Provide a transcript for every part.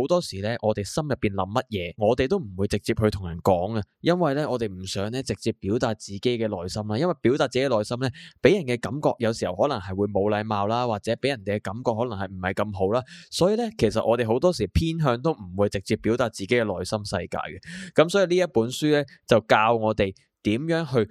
好多時咧，我哋心入邊諗乜嘢，我哋都唔會直接去同人講啊，因為咧，我哋唔想咧直接表達自己嘅內心啦。因為表達自己嘅內心咧，俾人嘅感覺有時候可能係會冇禮貌啦，或者俾人哋嘅感覺可能係唔係咁好啦。所以咧，其實我哋好多時偏向都唔會直接表達自己嘅內心世界嘅。咁所以呢一本書咧，就教我哋點樣去。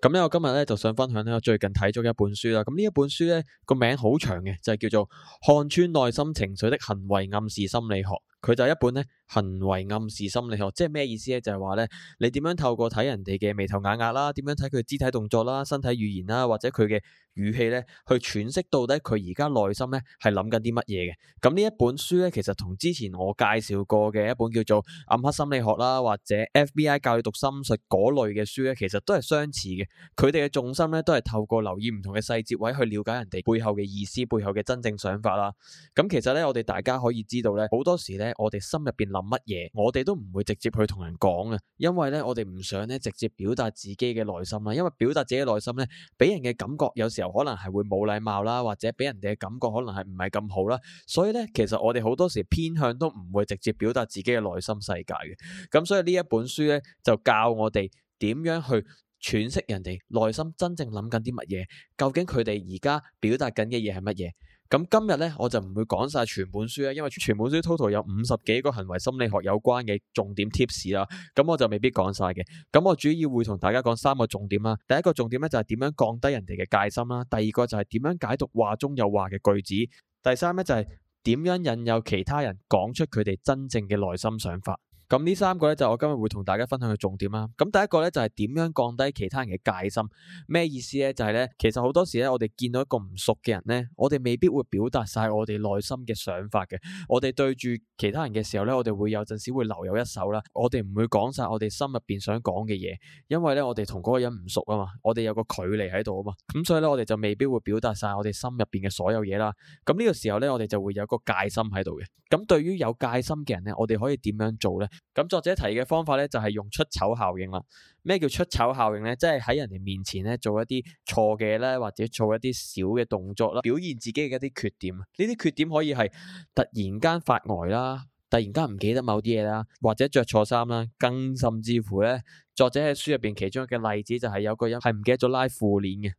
咁咧，我今日咧就想分享咧，我最近睇咗一本書啦。咁呢一本書咧個名好長嘅，就係叫做《看穿內心情緒的行為暗示心理學》，佢就是一本咧。行為暗示心理學，即係咩意思咧？就係話咧，你點樣透過睇人哋嘅眉頭眼額啦，點樣睇佢肢體動作啦、身體語言啦，或者佢嘅語氣咧，去詮釋到底佢而家內心咧係諗緊啲乜嘢嘅？咁呢一本書咧，其實同之前我介紹過嘅一本叫做《暗黑心理學》啦，或者 FBI 教你讀心術嗰類嘅書咧，其實都係相似嘅。佢哋嘅重心咧，都係透過留意唔同嘅細節位去了解人哋背後嘅意思、背後嘅真正想法啦。咁其實咧，我哋大家可以知道咧，好多時咧，我哋心入邊。諗乜嘢？我哋都唔會直接去同人講嘅，因為咧我哋唔想咧直接表達自己嘅內心啦。因為表達自己嘅內心咧，俾人嘅感覺有時候可能係會冇禮貌啦，或者俾人哋嘅感覺可能係唔係咁好啦。所以咧，其實我哋好多時偏向都唔會直接表達自己嘅內心世界嘅。咁所以呢一本書咧，就教我哋點樣去詮釋人哋內心真正諗緊啲乜嘢，究竟佢哋而家表達緊嘅嘢係乜嘢？咁今日咧，我就唔會講晒全本書呀，因為全本書 total 有五十幾個行為心理學有關嘅重點 tips 啦，咁我就未必講晒嘅。咁我主要會同大家講三個重點啦。第一個重點咧就係點樣降低人哋嘅戒心啦。第二個就係點樣解讀話中有話嘅句子。第三咧就係點樣引誘其他人講出佢哋真正嘅內心想法。咁呢三個咧就我今日會同大家分享嘅重點啦。咁第一個咧就係點樣降低其他人嘅戒心。咩意思咧？就係咧，其實好多時咧，我哋見到一個唔熟嘅人咧，我哋未必會表達晒我哋內心嘅想法嘅。我哋對住其他人嘅時候咧，我哋會有陣時會留有一手啦。我哋唔會講晒我哋心入邊想講嘅嘢，因為咧我哋同嗰個人唔熟啊嘛，我哋有個距離喺度啊嘛，咁所以咧我哋就未必會表達晒我哋心入邊嘅所有嘢啦。咁呢個時候咧，我哋就會有個戒心喺度嘅。咁對於有戒心嘅人咧，我哋可以點樣做咧？咁作者提嘅方法咧，就係用出醜效應啦。咩叫出醜效應咧？即係喺人哋面前咧做一啲錯嘅咧，或者做一啲小嘅動作啦，表現自己嘅一啲缺點。呢啲缺點可以係突然間發呆啦，突然間唔記得某啲嘢啦，或者着錯衫啦，更甚至乎咧，作者喺書入邊其中一個例子就係有個人係唔記得咗拉褲鏈嘅。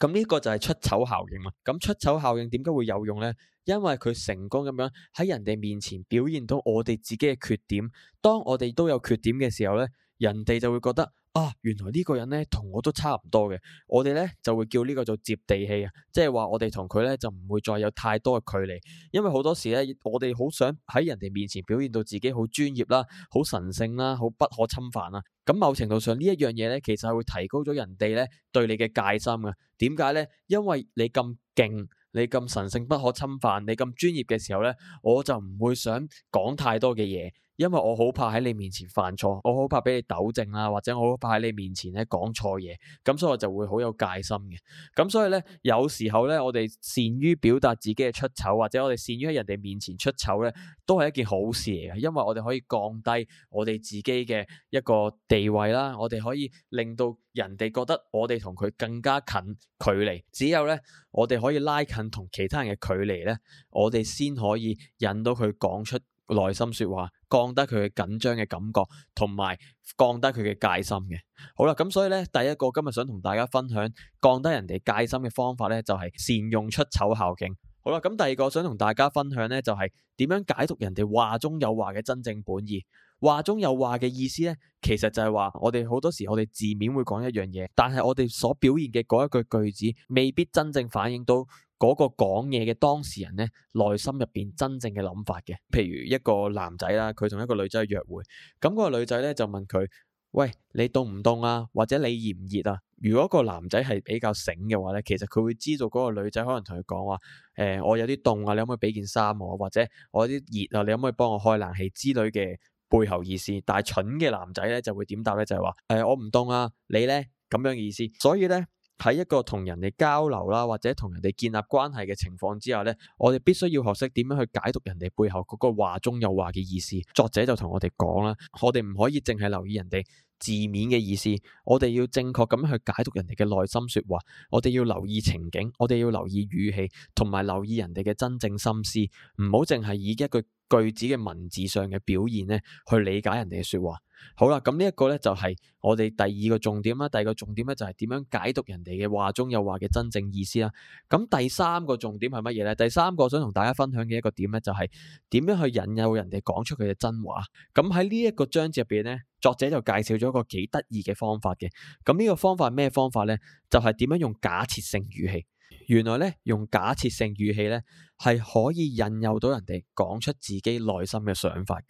咁呢個就係出醜效應啦。咁出醜效應點解會有用咧？因為佢成功咁樣喺人哋面前表現到我哋自己嘅缺點，當我哋都有缺點嘅時候咧，人哋就會覺得啊，原來呢個人咧同我都差唔多嘅。我哋咧就會叫呢個做接地氣啊，即係話我哋同佢咧就唔會再有太多嘅距離。因為好多時咧，我哋好想喺人哋面前表現到自己好專業啦、好神聖啦、好不可侵犯啊。咁某程度上呢一樣嘢咧，其實係會提高咗人哋咧對你嘅戒心啊。點解咧？因為你咁勁。你咁神聖不可侵犯，你咁專業嘅時候咧，我就唔會想講太多嘅嘢。因為我好怕喺你面前犯錯，我好怕俾你糾正啦，或者我好怕喺你面前咧講錯嘢，咁所以我就會好有戒心嘅。咁所以咧，有時候咧，我哋善於表達自己嘅出醜，或者我哋善於喺人哋面前出醜咧，都係一件好事嚟嘅。因為我哋可以降低我哋自己嘅一個地位啦，我哋可以令到人哋覺得我哋同佢更加近距離。只有咧，我哋可以拉近同其他人嘅距離咧，我哋先可以引到佢講出內心說話，降低佢嘅緊張嘅感覺，同埋降低佢嘅戒心嘅。好啦，咁所以呢，第一個今日想同大家分享，降低人哋戒心嘅方法呢，就係善用出醜效應。好啦，咁第二個想同大家分享呢，就係點樣解讀人哋話中有話嘅真正本意。話中有話嘅意思呢，其實就係話我哋好多時，我哋字面會講一樣嘢，但係我哋所表現嘅嗰一句句、句子，未必真正反映到。嗰個講嘢嘅當事人咧，內心入邊真正嘅諗法嘅。譬如一個男仔啦，佢同一個女仔去約會，咁嗰個女仔咧就問佢：，喂，你凍唔凍啊？或者你熱唔熱啊？如果個男仔係比較醒嘅話咧，其實佢會知道嗰個女仔可能同佢講話：，誒，我有啲凍啊，你可唔可以畀件衫我？或者我有啲熱啊，你可唔可以幫我開冷氣之類嘅背後意思？但係蠢嘅男仔咧就會點答咧，就係話：，誒，我唔凍啊，你咧咁樣嘅意思。所以咧。喺一個同人哋交流啦，或者同人哋建立關係嘅情況之下咧，我哋必須要學識點樣去解讀人哋背後嗰個話中有話嘅意思。作者就同我哋講啦，我哋唔可以淨係留意人哋字面嘅意思，我哋要正確咁去解讀人哋嘅內心說話。我哋要留意情景，我哋要留意語氣，同埋留意人哋嘅真正心思，唔好淨係以一個句，句子嘅文字上嘅表現咧去理解人哋嘅說話。好啦，咁呢一個咧就係我哋第二個重點啦。第二個重點咧就係點樣解讀人哋嘅話中有話嘅真正意思啦。咁第三個重點係乜嘢咧？第三個想同大家分享嘅一個點咧，就係點樣去引誘人哋講出佢嘅真話。咁喺呢一個章節入邊咧，作者就介紹咗一個幾得意嘅方法嘅。咁呢個方法係咩方法咧？就係點樣用假設性語氣。原來咧，用假設性語氣咧係可以引誘到人哋講出自己內心嘅想法嘅。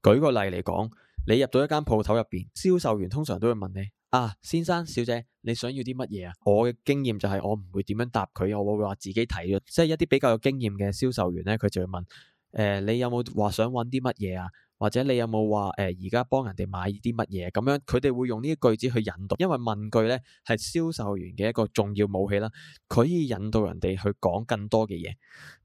舉個例嚟講。你入到一間鋪頭入邊，銷售員通常都會問你，啊，先生、小姐，你想要啲乜嘢啊？我嘅經驗就係我唔會點樣答佢，我會話自己睇，即係一啲比較有經驗嘅銷售員咧，佢就會問，誒、呃，你有冇話想揾啲乜嘢啊？或者你有冇話誒，而家幫人哋買啲乜嘢咁樣？佢哋會用呢啲句子去引導，因為問句咧係銷售員嘅一個重要武器啦。佢可以引導人哋去講更多嘅嘢。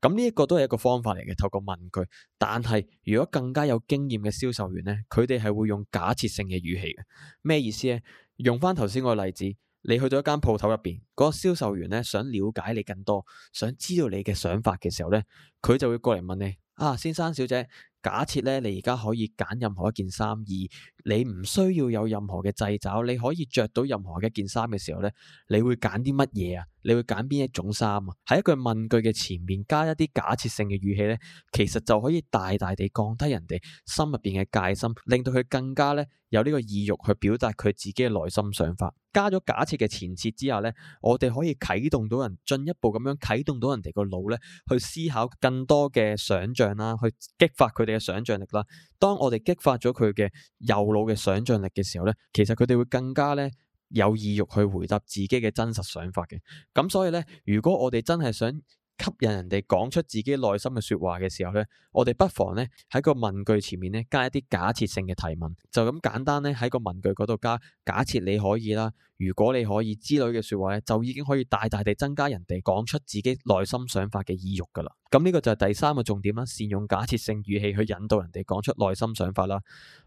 咁呢一個都係一個方法嚟嘅，透過問句。但係如果更加有經驗嘅銷售員咧，佢哋係會用假設性嘅語氣嘅。咩意思咧？用翻頭先個例子，你去到一間鋪頭入邊，嗰個銷售員咧想了解你更多，想知道你嘅想法嘅時候咧，佢就會過嚟問你：啊，先生、小姐。假設咧，你而家可以揀任何一件衫，而你唔需要有任何嘅制找，你可以着到任何一件衫嘅時候咧，你會揀啲乜嘢啊？你會揀邊一種衫啊？喺一句問句嘅前面加一啲假設性嘅語氣咧，其實就可以大大地降低人哋心入邊嘅戒心，令到佢更加咧有呢個意欲去表達佢自己嘅內心想法。加咗假設嘅前設之後咧，我哋可以啟動到人進一步咁樣啟動到人哋個腦咧去思考更多嘅想象啦，去激發佢哋嘅想象力啦。當我哋激發咗佢嘅右腦嘅想象力嘅時候咧，其實佢哋會更加咧。有意欲去回答自己嘅真實想法嘅，咁所以咧，如果我哋真係想，吸引人哋講出自己內心嘅說話嘅時候咧，我哋不妨咧喺個文句前面咧加一啲假設性嘅提問，就咁簡單咧喺個文句嗰度加假設你可以啦，如果你可以之類嘅說話咧，就已經可以大大地增加人哋講出自己內心想法嘅意欲噶啦。咁呢個就係第三個重點啦，善用假設性語氣去引導人哋講出內心想法啦。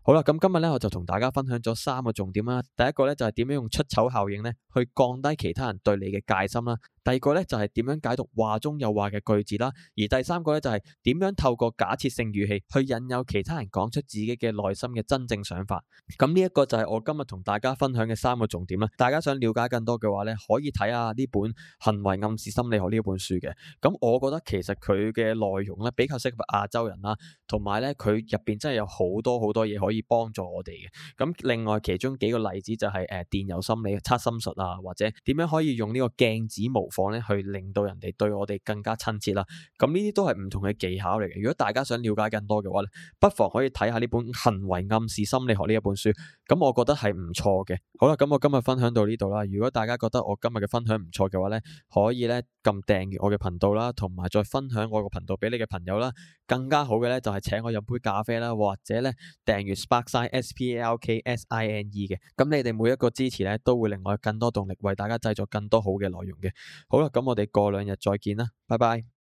好啦，咁今日咧我就同大家分享咗三個重點啦。第一個咧就係、是、點樣用出醜效應咧去降低其他人對你嘅戒心啦。第二個咧就係點樣解讀話中有話嘅句子啦，而第三個咧就係點樣透過假設性語氣去引誘其他人講出自己嘅內心嘅真正想法。咁呢一個就係我今日同大家分享嘅三個重點啦。大家想了解更多嘅話咧，可以睇下呢本《行為暗示心理學》呢本書嘅。咁我覺得其實佢嘅內容咧比較適合亞洲人啦，同埋咧佢入邊真係有好多好多嘢可以幫助我哋嘅。咁另外其中幾個例子就係、是、誒、呃、電郵心理測心術啊，或者點樣可以用呢個鏡子模。去令到人哋對我哋更加親切啦。咁呢啲都係唔同嘅技巧嚟嘅。如果大家想了解更多嘅話咧，不妨可以睇下呢本《行為暗示心理學》呢一本書。咁我覺得係唔錯嘅。好啦，咁我今日分享到呢度啦。如果大家覺得我今日嘅分享唔錯嘅話咧，可以咧。咁訂閱我嘅頻道啦，同埋再分享我嘅頻道俾你嘅朋友啦，更加好嘅咧就係請我飲杯咖啡啦，或者咧訂閱 Sparksine, S P A L K S I N E 嘅，咁你哋每一個支持咧都會令我有更多動力，為大家製作更多好嘅內容嘅。好啦，咁我哋過兩日再見啦，拜拜。